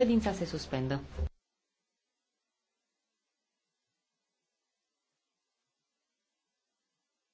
Ședința se suspendă.